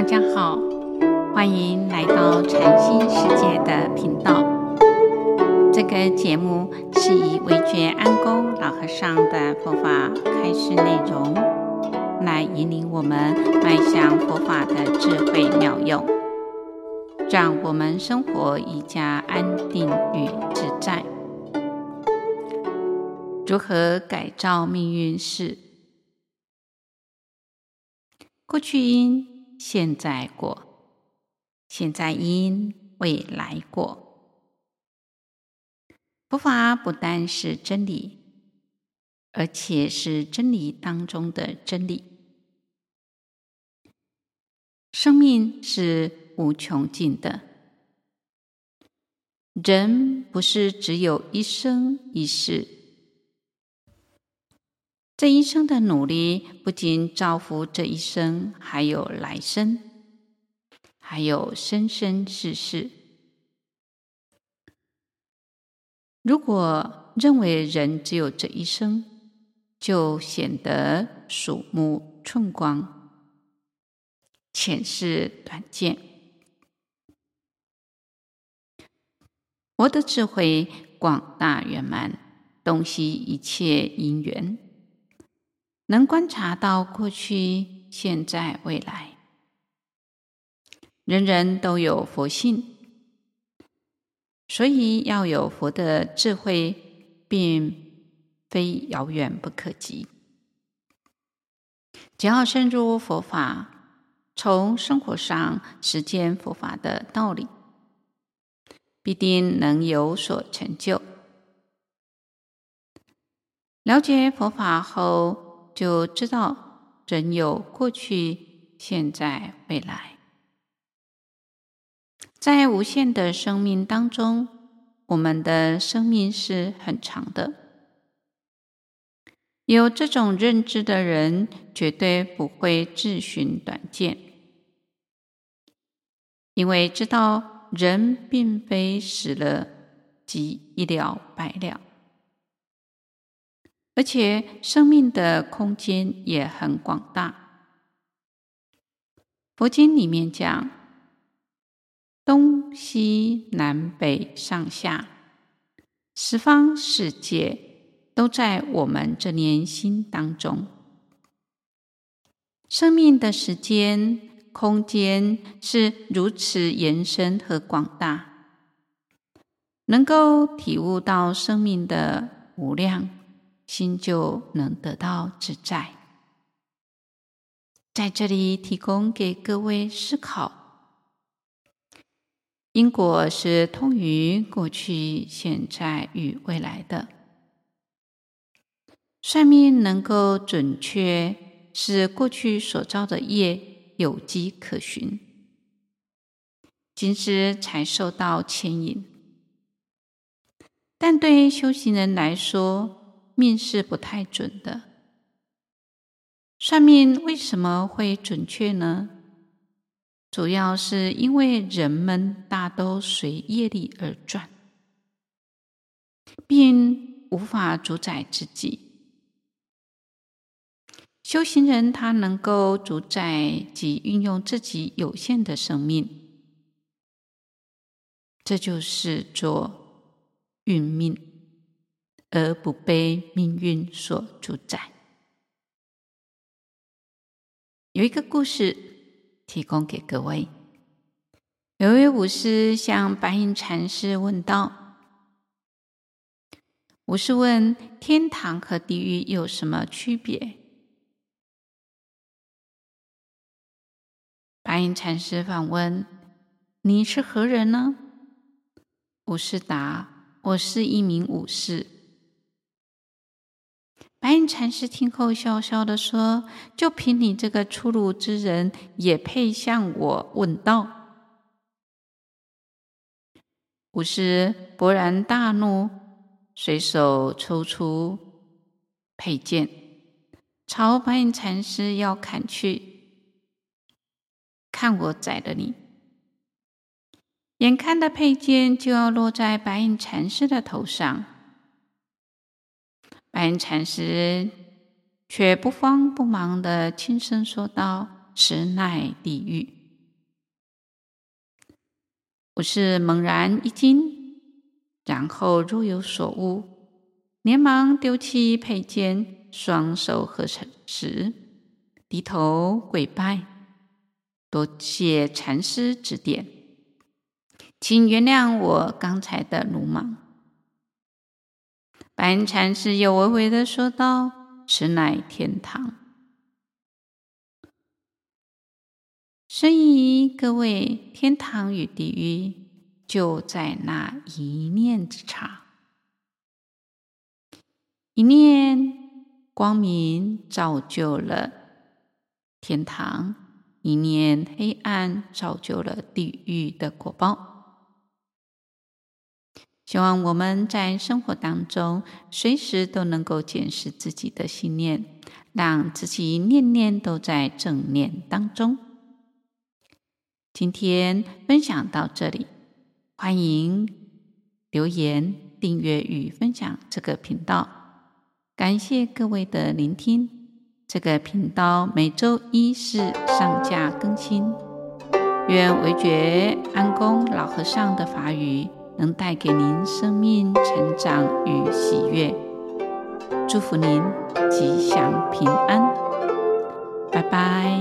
大家好，歡迎來到禪心世界的頻道。這個節目是以惟覺安公老和尚的佛法開示內容，來引領我們邁向佛法的智慧妙用，讓我們生活更加安定與自在。如何改造命運四，過去因，現在果，現在因，未來果。佛法不但是真理，而且是真理當中的真理。生命是無窮盡的，人不是只有一生一世。這一生的努力不僅造福這一生，還有來生，還有生生世世。如果認為人只有這一生，就顯得鼠目寸光、淺視短見。佛的智慧廣大圓滿，洞悉一切因緣。能觀察到過去、現在、未來，人人都有佛性，所以要有佛的智慧，並非遙遠不可及。只要深入佛法，從生活上實踐佛法的道理，必定能有所成就。了解佛法後，就知道人有過去、現在、未來，在無限的生命當中，我們的生命是很長的。有這種認知的人，絕對不會自尋短見，因為知道人並非死了即一了百了。而且，生命的空間也很廣大。佛經裡面講，東西南北上下，十方世界都在我們這念心當中。生命的時間、空間是如此延伸和廣大，能夠體悟到生命的無量。心就能得到自在。在這裡提供給各位思考：因果是通於過去、現在與未來的。算命能夠準確，是過去所造的業有跡可循，今世才受到牽引。但對於修行人來說，命是不太準的，算命為什麼會準確呢？主要是因為人們大都隨業力而轉，並無法主宰自己。修行人他能夠主宰及運用自己有限的生命，這就叫做運命。而不被命運所主宰。有一個故事提供給各位：有一位武士向白隱禪師問道：“武士問天堂和地獄有什麼區別？”白隱禪師反問：“你是何人呢？”武士答：“我是一名武士。”白隱禪師聽後，笑笑地說：“就憑你這個粗魯之人，也配向我問道？”武士勃然大怒，隨手抽出佩劍，朝白隱禪師要砍去：“看我宰了你！”眼看着佩劍就要落在白隱禪師的頭上。白隱禪師卻不慌不忙地輕聲說道：“此乃地獄。”武士猛然一驚，然後若有所悟，連忙丟棄佩劍，雙手合十，低頭跪拜，多謝禪師指點，請原諒我剛才的魯莽。白隱禪師又微微的說道：“此乃天堂，所以各位，天堂與地獄就在那一念之差。一念光明造就了天堂，一念黑暗造就了地獄的果報。”希望我們在生活當中，隨時都能夠檢視自己的信念，讓自己念念都在正念當中。今天分享到這裡，歡迎留言、訂閱與分享這個頻道。感謝各位的聆聽。這個頻道每周一是上架更新，願惟覺安公老和尚的法語。能帶給您生命成長與喜悅，祝福您吉祥平安，拜拜。